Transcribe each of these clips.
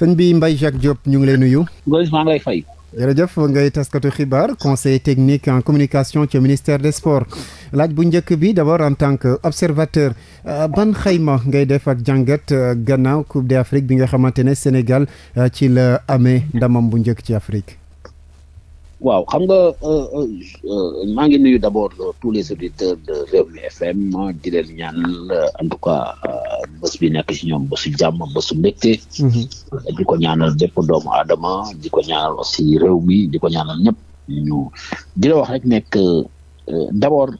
sëñ bi mbay Jacques Diop ñu ngi lay nuyu. Ngoz maa ngi lay fay. jërëjëf ngay taskatu xibaar conseil technique en communication ci ministère des sport laaj bu njëkk bi d'abord en tant que observateur euh, ban xayma ngay def ak jàngat euh, gannaaw Coupe d'Afrique bi nga xamante ne Sénégal euh, ci la amee ndamam bu njëkk ci Afrique. waaw xam nga maa ngi nuyu d'abord tous les auditeurs de Rewmi FM di leen ñaan en tout bés bi nekk si ñoom bésu jàmm bésu mbégte mhm. di ko ñaanal bépp doomu aadama di ko ñaanal aussi réew mi di ko ñaanal ñëpp ñu di la wax rek nekk euh, d'abord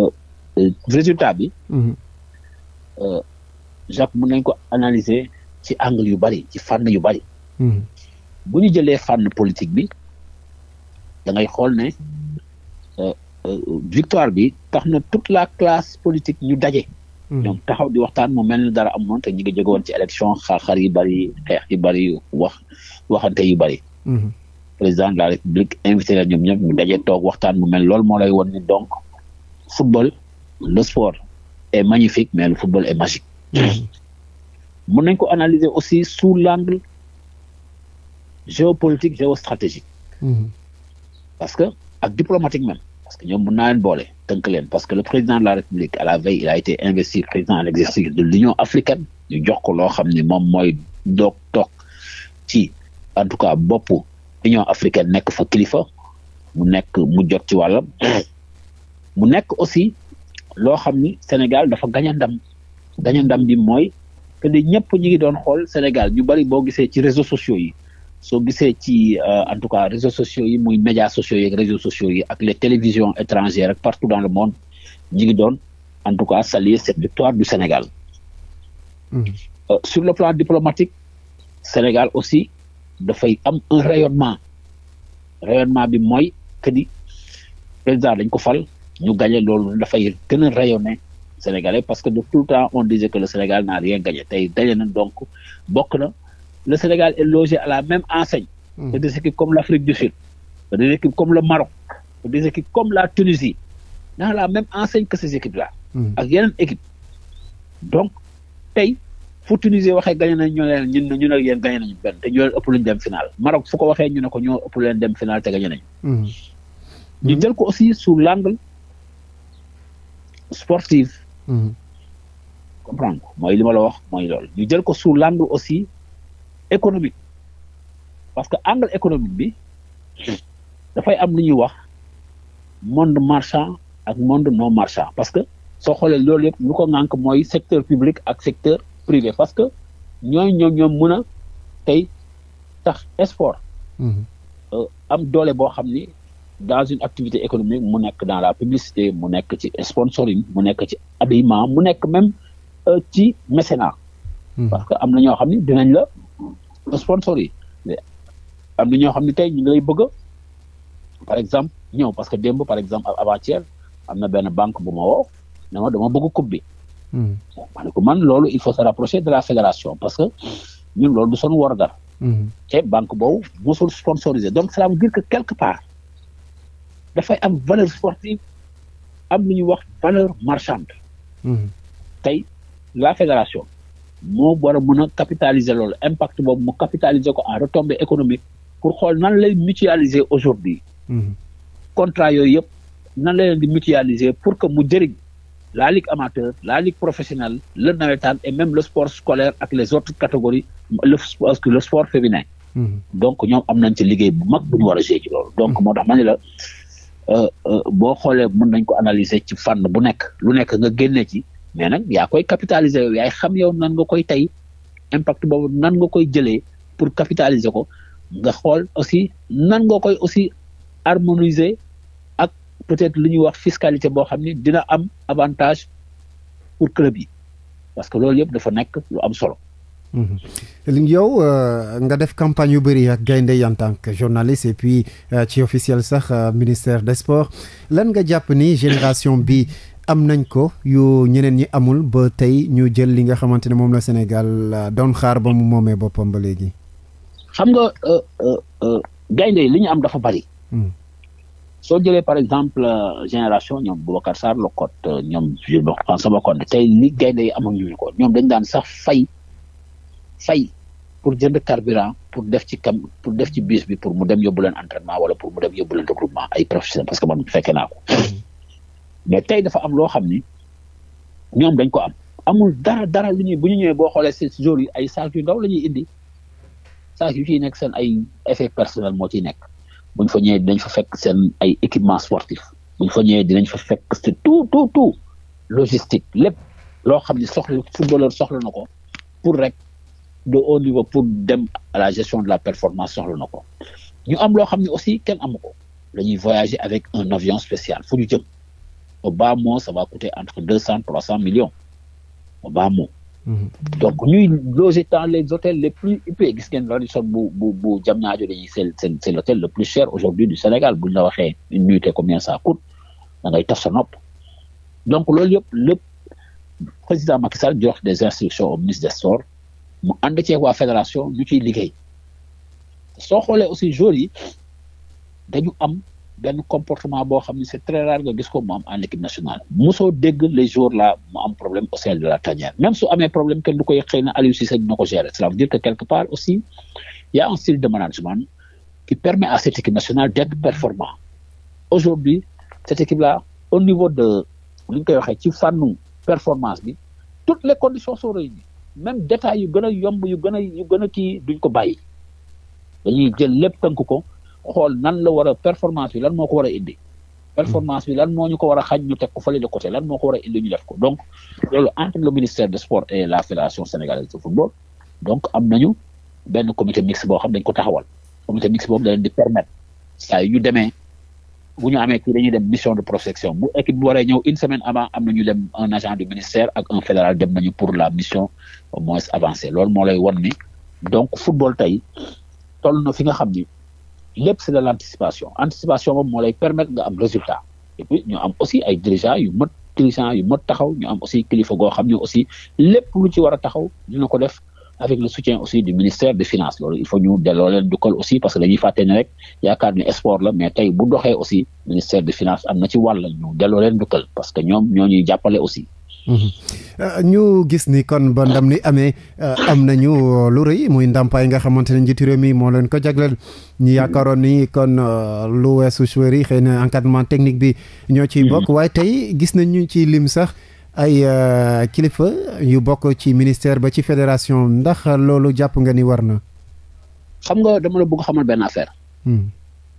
euh, euh, résultat bi mhm. Jacques mu nañ ko analyser ci angle yu bari ci fànn yu bari mhm. bu ñu jëlee fànn politique bi da xool ne victoire bi tax na toute la classe politique ñu daje Mm-hmm. ñoom taxaw di waxtaan mu mel ni dara amoon te ñu ngi jóge woon ci élection xaaxar yi bëri xeex yi bëri wax waxante yu bëri. Mm-hmm. président de la république invité la ñoom ñëpp ñu daje toog waxtaan mu mel loolu moo lay won ni donc football le sport est magnifique mais le football est magique. Mm-hmm. mën nañ ko analyser aussi sous l'angle géopolitique géostratégique. parce que ak diplomatique même parce que ñoom mën naa leen boole. tënk leen parce que le président de la république à la veille il a été investi président à l'exercice de l'union africaine ñu jox ko loo xam ne moom mooy doog toog ci en tout cas boppu union africaine nekk fa kilifa mu nekk mu jot ci wàllam mu nekk aussi loo xam ni Sénégal dafa gañ ndam gañ ndam bi mooy que ni ñëpp ñu ngi doon xool Sénégal ñu bari boo gisee ci réseaux sociaux yi soo gisee ci euh, en tout cas réseaux sociaux yi muy média sociaux yi ak réseaux sociaux yi ak les télévisions étrangères ak partout dans le monde ñu ngi doon en tout cas saluer cette victoire du Sénégal. Mmh. Euh, sur le plan diplomatique Sénégal aussi dafay am un rayonnement rayonnement bi mooy que ni président dañ ko fal ñu gagné loolu dafay gën a rayonner Sénégalais parce que de tout le temps on disait que le Sénégal n'a rien gagné tey gagné na donc bokk na. le Sénégal est logé à la même enseigne que hmm. des équipes la l'Afrique du Sud, que des équipes comme le Maroc, que des équipes comme la Tunisie, dans la même enseigne que ces équipes-là. Hmm. ak yeneen équipe donc tey fu Tunisie waxee gagné nañ ñu leen ñun ñu ne yéen gagné nañu benn te ñoo leen ëpp luñ dem final Maroc fu ko waxee ñu ne ko ñoo ëpp leen dem final te gagné nañu. Hmm. ñu jël ko aussi sous l'angle sportif. comprendre mooy li ma wax mooy loolu ñu jël ko sous l'angle aussi. économique parce que angle économique bi hmm. dafay am lu ñuy wax monde marchand ak monde non marchand parce que soo xoolee loolu yëpp ñu ko ŋànk mooy secteur public ak secteur privé parce que ñooy ñoom ñoom mën a tey tax export hmm. euh, am doole boo xam ni dans une activité économique mu nekk dans la publicité mu nekk ci sponsoring mu nekk ci habillement mu nekk même euh, ci mécénat hmm. parce que am na ñoo xam ni dinañ la sponsor yi am na ñoo xam ne tey ñu ngi bëgg par exemple ñëw parce que dem démb par exemple avant-hier am na benn banque bu ma woo ne ma dama bëgg coupe bi. Hmm. ma ne ko man loolu il faut se rapprocher de la fédération parce que ñun loolu du son war dara. Hmm. te banque boobu mosul sponsorisé donc ça donc dire que quelque part dafay am valeur sportive am lu ñuy wax valeur marchande. Hmm. tey la fédération moo war a mën a capitaliser loolu impact boobu mu capitaliser ko en retombée économique pour xool nan lay mutualiser aujourd'hui mhm. contrat yooyu yëpp nan la di mutualiser pour que mu jëriñ la ligue amateur la ligue professionnelle le nawetaan et même le sport scolaire ak les autres catégories le le sport féminin. Mhm. donc ñoom am nañ ci liggéey bu mag bu ñu war a jouer ci donc moo tax ma ne la euh, euh, boo xoolee mën nañ ko analyser ci fànn bu nekk lu nekk nga génnee ci mais nag yaa koy capitaliser yow yaay xam yow nan nga koy tey impact boobu nan nga koy jëlee pour capitaliser ko nga xool aussi nan nga koy aussi harmoniser ak peut-être lu ñuy wax fiscalité boo xam ne dina am avantage pour club yi parce que loolu yëpp dafa nekk lu am solo. Mhm. yow euh, nga def campagne yu bëri ak gaynde yi en tant que journaliste et puis euh, ci officiel sax euh, ministère des sports lan nga jàpp ni génération bi am nañ ko yu ñeneen ñi amul ba tey ñu jël li nga xamante ne moom la Sénégal doon xaar ba mu moomee boppam ba léegi. xam nga gaynde yi li ñu am dafa bari. Hmm. soo jëlee par exemple génération ñoom Boubacar Sarr Locotte ñoom sama Bakone tey li gaynde yi amuñu ko ñoom dañ daan sax fay. fay pour jënd carburant pour def ci kam pour def ci bus bi pour mu dem yóbbu leen entraînement wala pour mu dem yóbbu leen regroupement ay professionnels parce que man fekke naa ko mm-hmm. mais tey dafa am loo xam ni ñoom dañ ko am amul dara dara lu ñuy bu ñu ñëwee boo xoolee ces jours yi ay saak yu ndaw la ñuy indi saak yu ciy nekk seen ay effet personnel moo ciy nekk bu ñu fa ñëwee dinañ fa fekk seen ay équipement sportif bu ñu fa ñëwee dinañ fa fekk c'est tout tout tout logistique lépp loo xam ni soxla footballeur soxla na ko rek de haut niveau pour dem à la gestion de la performance soxla na ko ñu am loo xam ne aussi kenn am ko dañuy voyager avec un avion spécial fu ñu jëm au bas mot ça va entre deux cent trois cent millions au bas mot mhm. donc ñuy loger tan les hôtels les plus huppés gis ngeen Radisson bu bu bu Diamniadio dañuy c'est c'est l'hôtel le plus cher aujourd'hui du Sénégal buñ la waxee une nuitée combien ça coûte da ngay taf sa nopp donc loolu yëpp lépp président Macky Sall jox des instructions au ministre des Sports mu ànd ceeg waa fédération ñu ciy liggéey soo xoolee aussi joueurs yi dañu am benn comportement boo xam ne c'est très rare nga gis ko mu am en équipe nationale mosoo dégg les joueurs la mu am problème au sein de la tanière même su amee problème kenn du koy xëy na Aliou Cissé dina ko gérer cela veut dire que quelque part aussi y a un style de management qui permet à cette équipe nationale d'être performant aujourd'hui cette équipe là au niveau de li koy waxee ci fànnu performance bi même détails yu gën a yomb yu gën a yu gën a kii duñ ko bàyyi dañuy jël lépp tënk ko xool nan la war a performance bi lan moo ko war a indi performance bi lan moo ñu ko war a xañ ñu teg ko fële de côté lan moo ko war a indi ñu def ko donc loolu entre le ministère de sport et la fédération sénégalaise de football donc am na ñu benn comité mixte boo xam dañ ko taxawal comité mixte boobu da leen di permettre saa yu ñu demee bu ñu amee kii ñu dem mission de prospection bu équipe bi waree ñëw une semaine avant am na ñu dem un agent du ministère ak un fédéral dem nañu pour la mission au moins avancée loolu moo lay won ni donc football tey toll na fi nga xam ni lépp c'est de l'anticipation anticipation moom moo lay permettre nga am résultat et puis ñu am aussi ay dirigeants yu mot dirigeants yu mot taxaw ñu am aussi kilifa goo xam ne aussi lépp lu ci war a taxaw dina ko def avec le soutien aussi du ministère des finances loolu il faut ñu delloo leen jukkal aussi parce que dañuy fàtte ne rek yaakaar ne sport la mais tey bu doxee aussi ministère des finances am na ci wàll ñu delloo leen jukkal parce que ñoom ñoo ñuy jàppale aussi. Mhm. Euh, ñu gis ni kon ba ndam li amee euh, am na ñu euh, lu rëy muy ndàmpaay nga xamante ne njiitu mi moo leen ko jagleel ñu yaakaaroon ni kon lu weesu joueurs yi xëy na encadrement technique bi ñoo ciy bokk mhm. waaye tey gis nañu ci lim sax. ay euh, kilifa yu bokk ci ministère ba ci fédération ndax loolu jàpp nga ni war na. xam nga dama la bëgg xamal benn affaire. Hmm.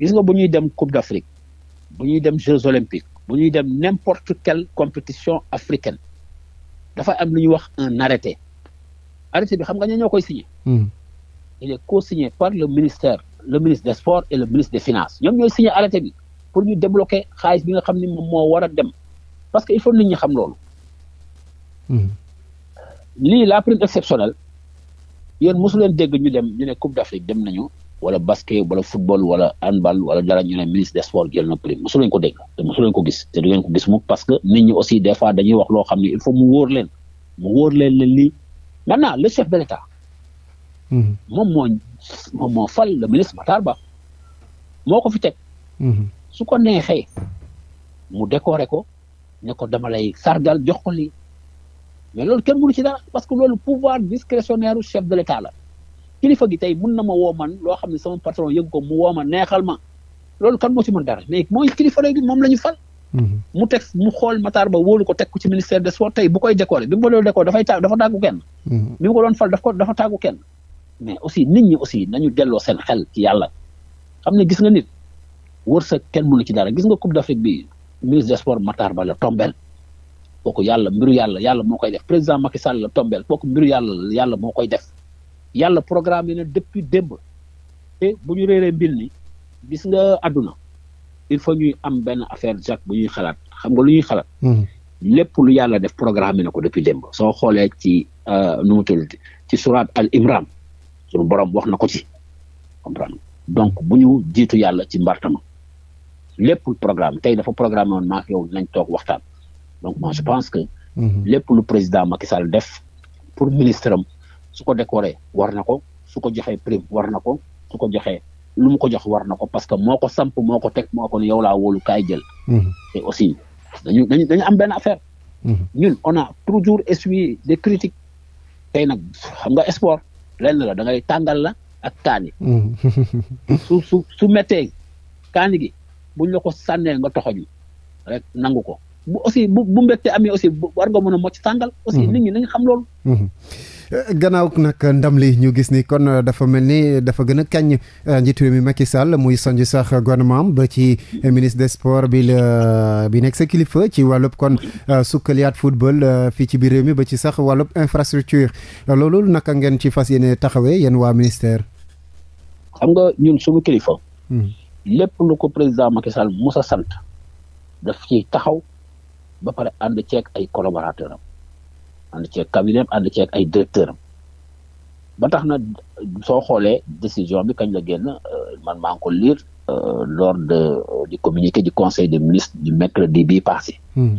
gis nga bu ñuy dem Coupe d'Afrique bu ñuy dem Jeux olympiques bu ñuy dem n'importe quelle compétition africaine dafa am lu ñuy wax un arrêté arrêté bi xam nga ñoo ñoo koy signé. Hmm. il est co par le ministère le ministre des sports et le ministre des finances ñoom ñooy signé arrêté bi pour ñu débloquer xaalis bi nga xam ni moom moo war a dem parce que il faut nit ñi xam loolu. Mhm. lii la prime exceptionnelle yoon mosu leen dégg ñu dem ñu ne Coupe d'Afrique dem nañu wala basket wala football wala handball wala dara ñu ne ministre des sports jël na prime mosu ko dégg te leen ko gis te du ngeen ko gis mu parce que nit ñi aussi des fois dañuy wax loo xam ne il faut mu wóor leen mu wóor leen leen lii maintenant le chef de l'État mhm. moom moo moom moo le ministre Matar Ba moo ko fi teg mhm. su ko neexee mu décorer ko ne ko dama lay sargal jox ko li mais loolu kenn mënu ci dara parce que loolu pouvoir discrétionnaire u chef de l'état la kilifa gi tey mun na ma woo man loo xam ne sama patron yëg ko mu woo ma neexal ma loolu kan moo ci mën dara mais mooy kilifa léegi moom la ñu fal. Mhm. mu teg mu xool Matar Ba woolu ko teg ko ci ministère de sports tey bu koy décorer bi mu ko doon décorer dafay tàgg dafa tàggu kenn. Mhm. bi mu dafa dafa tàggu mais aussi nit ñi aussi nañu delloo seen xel yàlla xam ne gis nga nit wërsëg kenn mënu ci dara gis nga Coupe d'Afrique bi ministre des sports Matar Ba la kooku yàlla mbiru yàlla yàlla moo koy def président Macky Sall la tombeel kooku mbiru yàlla yàlla moo koy def yàlla programme yi ne depuis démb te bu ñu réeree mbir ni gis nga àdduna il faut ñu am benn affaire Jacques bu ñuy xalaat xam nga lu ñuy xalaat. Hmm. lépp lu yàlla def programme yi ne ko depuis démb. soo xoolee ci euh, nu mu ci surat al imran suñu borom wax na ko ci comprendre donc bu ñu jiitu yàlla ci mbartama lépp programme tey dafa programme woon maa nañ toog waxtaan. donc moi je pense que. Mhm. lépp lu président Macky Sall def pour ministre am su ko décoré war na ko su ko joxee prime war na ko su ko joxee lu mu ko jox war na ko parce que moo ko samp moo ko teg moo ko ne yow laa wóolu kaay jël. Mhm. te aussi dañu dañu dañu am benn affaire. Mhm. ñun on a toujours essuyé des critiques tey nag xam nga sport lenn la da ngay tàngal la ak kaani. su su su méttee kaani gi buñ la ko sànnee nga toxoñu rek nangu ko. bu aussi bu bu mbégte amee aussi war nga mën a ci tàngal. aussi mhm. nit ñi nañ xam loolu. Mhm. Eh, gannaaw nag ndam li ñu gis ni kon euh, dafa mel ni dafa gën a kañ euh, njiitu réew mi Macky muy sonj sax gouvernement am ba ci ministre de sports bi la bi nekk sa kilifa ci wàllub kon euh, sukkaliyaat football fii ci biir réew mi ba ci sax wàllub infrastructure loolu naka ngeen ci fas yéene taxawee yéen waa ministère. xam nga ñun sumu kilifa. Mhm. lépp lu ko président Macky Sall mos a sant taxaw. ba pare ànd ceeg ay collaborateur am ànd ceeg cabinet ceeg ay directeur am ba tax na soo xoolee décision bi kañ la génn euh, man maa ngi ko lire euh, lors de euh, du communiqué di conseil des ministres du mercredi bii passé. Hmm.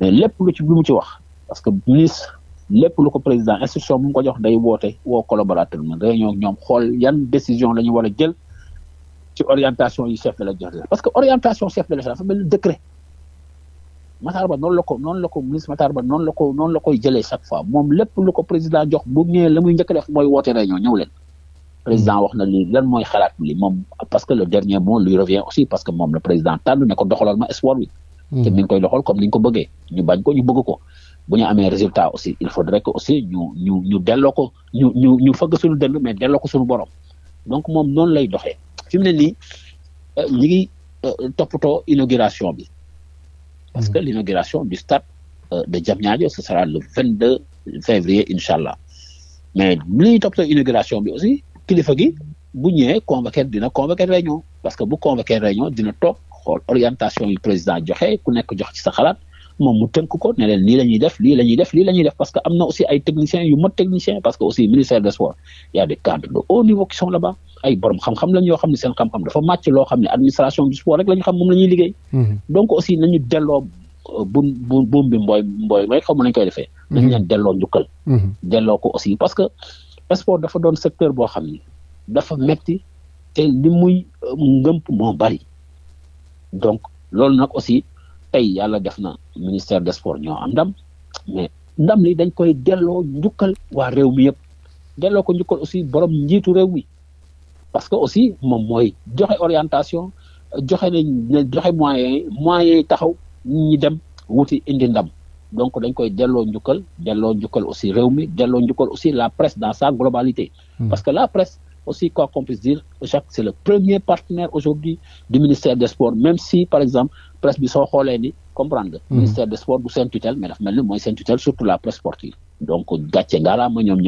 mais lépp lu ci lu mu ci wax parce que ministre lépp lu ko président instruction bu mu ko jox day woote woo collaborateur man réunion ñoom xool yan décision la ñu war a jël ci orientation yi chef de l'État joxe parce que orientation chef de l'État dafa mel ni décret. Matar Ba noonu la ko noonu la ko ministre koy jëlee chaque fois moom lépp lu ko président jox bu ñëwee la muy njëkk def mooy woote réunion ñëw président wax na lii lan mooy xalaat li moom parce que le dernier mot lui revient aussi parce que moom le président tànn ne ko doxalal ma espoir bi mm-hmm. te mi ngi koy doxal comme ni ñu ko bëggee ñu bañ ko ñu bëgg ko bu ñu amee résultat aussi il faudrait que aussi ñu ñu ñu delloo ko ñu ñu ñu fëgg suñu dënd mais delloo ko suñu borom donc moom noonu lay doxee fi mu euh, ngi euh, toppatoo inauguration bi parce que mm-hmm. l'inauguration du stade euh, de Diamniadio ce sera le 22 février incha allah mais li ñuy toppatoo inauguration bi aussi kilifa gi bu ñëwee convoqué dina convoqué réunion parce que bu convoqué réunion dina toog xool orientation yi président joxe ku nekk jox ci sa xalaat moom mu tënk ko ne leen def lii la def parce que am aussi ay techniciens yu mot technicien parce que aussi ministère des sports y a des cadres de haut niveau qui sont là-bas ay borom xam-xam lañ yoo xam ne seen xam-xam dafa màcc loo xam ne administration du sport rek la xam moom la ñuy liggéey. Mhm. donc aussi nañu delloo bu bu buum bi mbooy mbooy rek xamu nañ koy defee. Mhm. nañu leen delloo njukkal. Mhm. delloo ko aussi parce que sport dafa doon secteur boo xam ne dafa metti te li muy euh, ngëmp moo bari donc loolu nag aussi tey yàlla def na ministère des sports ñoo am ndam mais ndam li dañ koy delloo njukkal waa réew mi yëpp delloo ko njukkal aussi borom njiitu réew mi parce que aussi moom mooy joxe orientation joxe nañ joxe moyens yi moyens taxaw ñi dem wuti indi ndam donc dañ koy delloo njukkal delloo njukkal aussi réew mi delloo njukkal aussi la presse dans sa globalité. Hmm. parce que la presse aussi quoi qu'on puisse dire Jacques c'est le premier partenaire aujourd'hui du ministère des sports même si par exemple presse bi soo xoolee ni comprendre nga. Hmm. ministère des sports bu seen tutelle mais dafa mel ni mooy seen tutelle surtout la presse sportive. donc gàcce ngaalaama ñoom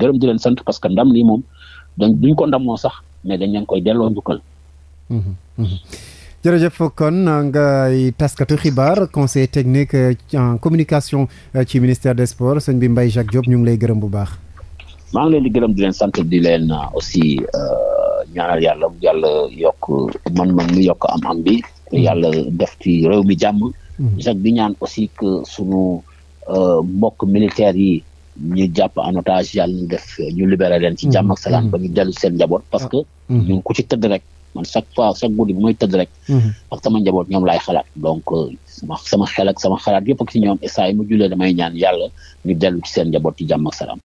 gërëm di leen sant parce que ndam lii moom. donc duñ ko ndamoo sax mais dañ leen koy delloo njukkal. Mhm, mhm. jërëjëf kon ngay taskatu xibaar conseil technique euh, en communication euh, ci ministère des sports sëñ bi mbay Jacques Diop ñu ngi lay gërëm bu baax. maa ngi leen di gërëm di leen sant di leen euh, aussi ñaanal yàlla yàlla yokk man-man mi yokk am-am bi mhm. yàlla def ci réew mi jàmm. Jacques bi ñaan aussi que sunu mbokk militaires yi. ñu jàpp en otage yàlla ñu def ñu ci jàmm salaan mm-hmm. salaam ba ñu mm-hmm. dellu seen njaboot parce que ah. mm-hmm. ñun ku ci tëdd rek man chaque fois chaque guddi bi mooy tëdd rek ak sama njaboot ñoom laay xalaat donc euh, sama sama xel sama xalaat yëpp ak ci ñoom et saa yi mu jullee damay ñaan yàlla ñu dellu ci seen njaboot ci jàmm ak